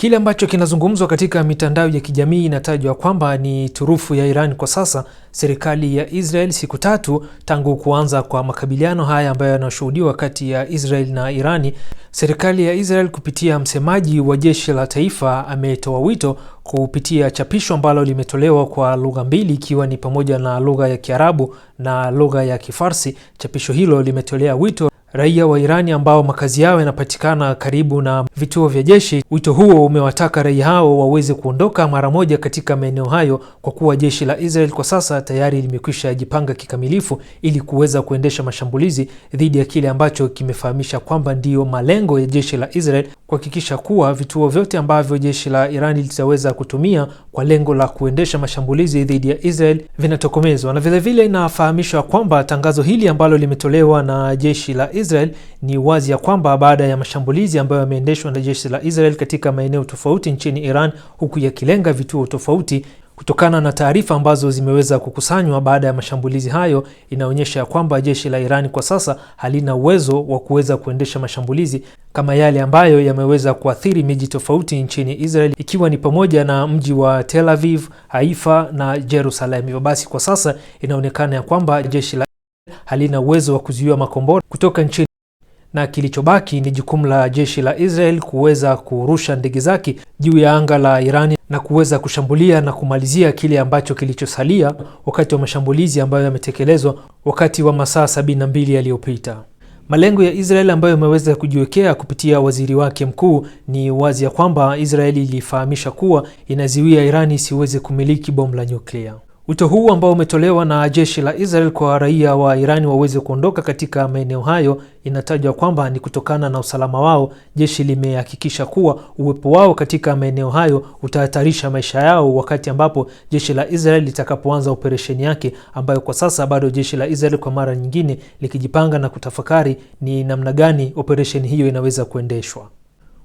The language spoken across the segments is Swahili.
Kile ambacho kinazungumzwa katika mitandao ya kijamii inatajwa kwamba ni turufu ya Iran kwa sasa, serikali ya Israel, siku tatu tangu kuanza kwa makabiliano haya ambayo yanashuhudiwa kati ya Israel na Irani. Serikali ya Israel kupitia msemaji wa jeshi la taifa ametoa wito kupitia chapisho ambalo limetolewa kwa lugha mbili ikiwa ni pamoja na lugha ya Kiarabu na lugha ya Kifarsi. Chapisho hilo limetolea wito raia wa Irani ambao makazi yao yanapatikana karibu na vituo vya jeshi. Wito huo umewataka raia hao waweze kuondoka mara moja katika maeneo hayo, kwa kuwa jeshi la Israel kwa sasa tayari limekwisha jipanga kikamilifu ili kuweza kuendesha mashambulizi dhidi ya kile ambacho kimefahamisha kwamba ndiyo malengo ya jeshi la Israel, kuhakikisha kuwa vituo vyote ambavyo jeshi la Irani litaweza kutumia kwa lengo la kuendesha mashambulizi dhidi ya Israel vinatokomezwa. Na vilevile inafahamishwa kwamba tangazo hili ambalo limetolewa na jeshi la Israel, ni wazi ya kwamba baada ya mashambulizi ambayo yameendeshwa na jeshi la Israel katika maeneo tofauti nchini Iran, huku yakilenga vituo tofauti kutokana na taarifa ambazo zimeweza kukusanywa baada ya mashambulizi hayo, inaonyesha ya kwamba jeshi la Iran kwa sasa halina uwezo wa kuweza kuendesha mashambulizi kama yale ambayo yameweza kuathiri miji tofauti nchini Israel, ikiwa ni pamoja na mji wa Tel Aviv, Haifa na Jerusalem. Hivyo basi, kwa sasa inaonekana ya kwamba jeshi la halina uwezo wa kuzuiwa makombora kutoka nchini na kilichobaki ni jukumu la jeshi la Israel kuweza kurusha ndege zake juu ya anga la Irani na kuweza kushambulia na kumalizia kile ambacho kilichosalia wakati wa mashambulizi ambayo yametekelezwa wakati wa masaa 72 yaliyopita. Malengo ya Israel ambayo imeweza kujiwekea kupitia waziri wake mkuu ni wazi ya kwamba Israeli ilifahamisha kuwa inaziwia Irani isiweze kumiliki bomu la nyuklia. Wito huu ambao umetolewa na jeshi la Israel kwa raia wa Irani waweze kuondoka katika maeneo hayo, inatajwa kwamba ni kutokana na usalama wao. Jeshi limehakikisha kuwa uwepo wao katika maeneo hayo utahatarisha maisha yao, wakati ambapo jeshi la Israel litakapoanza operesheni yake, ambayo kwa sasa bado jeshi la Israel kwa mara nyingine likijipanga na kutafakari ni namna gani operesheni hiyo inaweza kuendeshwa.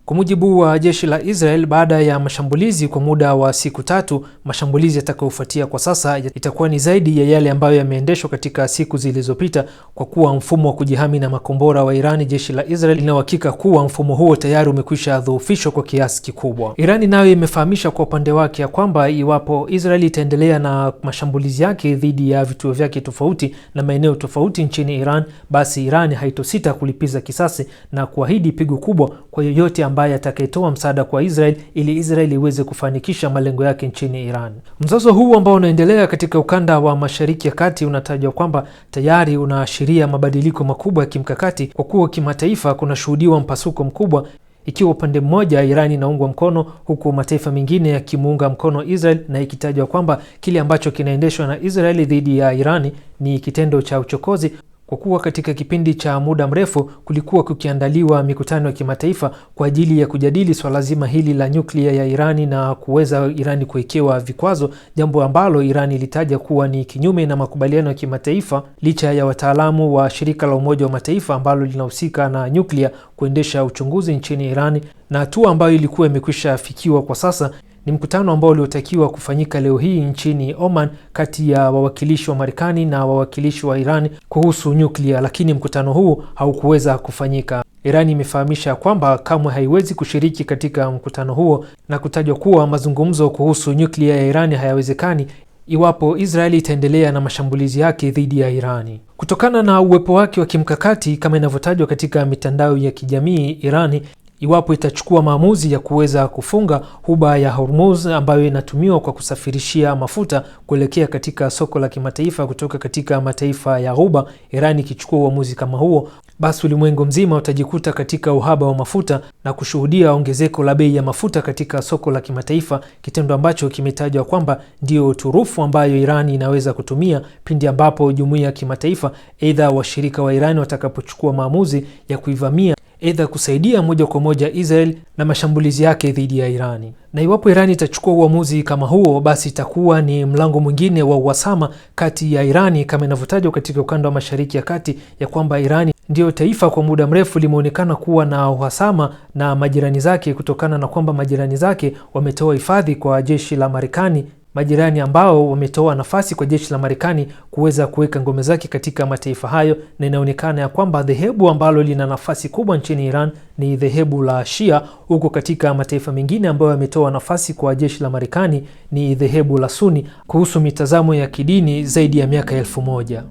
Kwa mujibu wa jeshi la Israel, baada ya mashambulizi kwa muda wa siku tatu, mashambulizi yatakayofuatia kwa sasa itakuwa ni zaidi ya yale ambayo yameendeshwa katika siku zilizopita, kwa kuwa mfumo wa kujihami na makombora wa Irani, jeshi la Israel lina uhakika kuwa mfumo huo tayari umekwisha dhofishwa kwa kiasi kikubwa. Irani nayo imefahamisha kwa upande wake ya kwamba iwapo Israel itaendelea na mashambulizi yake dhidi ya vituo vyake tofauti na maeneo tofauti nchini Iran, basi Irani haitosita kulipiza kisasi na kuahidi pigo kubwa kwa yoyote ambaye atakayetoa msaada kwa Israel ili Israel iweze kufanikisha malengo yake nchini Iran. Mzozo huu ambao unaendelea katika ukanda wa Mashariki ya Kati unatajwa kwamba tayari unaashiria mabadiliko makubwa ya kimkakati, kwa kuwa kimataifa kunashuhudiwa mpasuko mkubwa ikiwa upande mmoja Iran inaungwa mkono huku mataifa mengine yakimuunga mkono Israel na ikitajwa kwamba kile ambacho kinaendeshwa na Israeli dhidi ya Irani ni kitendo cha uchokozi kwa kuwa katika kipindi cha muda mrefu kulikuwa kukiandaliwa mikutano ya kimataifa kwa ajili ya kujadili swala zima hili la nyuklia ya Irani na kuweza Irani kuwekewa vikwazo, jambo ambalo Irani ilitaja kuwa ni kinyume na makubaliano ya kimataifa, licha ya wataalamu wa shirika la Umoja wa Mataifa ambalo linahusika na nyuklia kuendesha uchunguzi nchini Irani, na hatua ambayo ilikuwa imekwisha fikiwa kwa sasa ni mkutano ambao uliotakiwa kufanyika leo hii nchini Oman kati ya wawakilishi wa Marekani na wawakilishi wa Iran kuhusu nyuklia, lakini mkutano huu haukuweza kufanyika. Iran imefahamisha kwamba kamwe haiwezi kushiriki katika mkutano huo na kutajwa kuwa mazungumzo kuhusu nyuklia ya Iran hayawezekani iwapo Israeli itaendelea na mashambulizi yake dhidi ya Irani. Kutokana na uwepo wake wa kimkakati kama inavyotajwa katika mitandao ya kijamii, Irani iwapo itachukua maamuzi ya kuweza kufunga huba ya Hormuz ambayo inatumiwa kwa kusafirishia mafuta kuelekea katika soko la kimataifa kutoka katika mataifa ya Ghuba. Iran ikichukua uamuzi kama huo, basi ulimwengu mzima utajikuta katika uhaba wa mafuta na kushuhudia ongezeko la bei ya mafuta katika soko la kimataifa, kitendo ambacho kimetajwa kwamba ndiyo turufu ambayo Iran inaweza kutumia pindi ambapo jumuiya ya kimataifa, aidha washirika wa Iran watakapochukua maamuzi ya kuivamia aidha kusaidia moja kwa moja Israel na mashambulizi yake dhidi ya Irani. Na iwapo Irani itachukua uamuzi kama huo, basi itakuwa ni mlango mwingine wa uhasama kati ya Irani, kama inavyotajwa katika ukanda wa Mashariki ya Kati ya kwamba Irani ndiyo taifa kwa muda mrefu limeonekana kuwa na uhasama na majirani zake kutokana na kwamba majirani zake wametoa hifadhi kwa jeshi la Marekani majirani ambao wametoa nafasi kwa jeshi la Marekani kuweza kuweka ngome zake katika mataifa hayo, na inaonekana ya kwamba dhehebu ambalo lina nafasi kubwa nchini Iran ni dhehebu la Shia, huko katika mataifa mengine ambayo yametoa nafasi kwa jeshi la Marekani ni dhehebu la Suni kuhusu mitazamo ya kidini zaidi ya miaka elfu moja.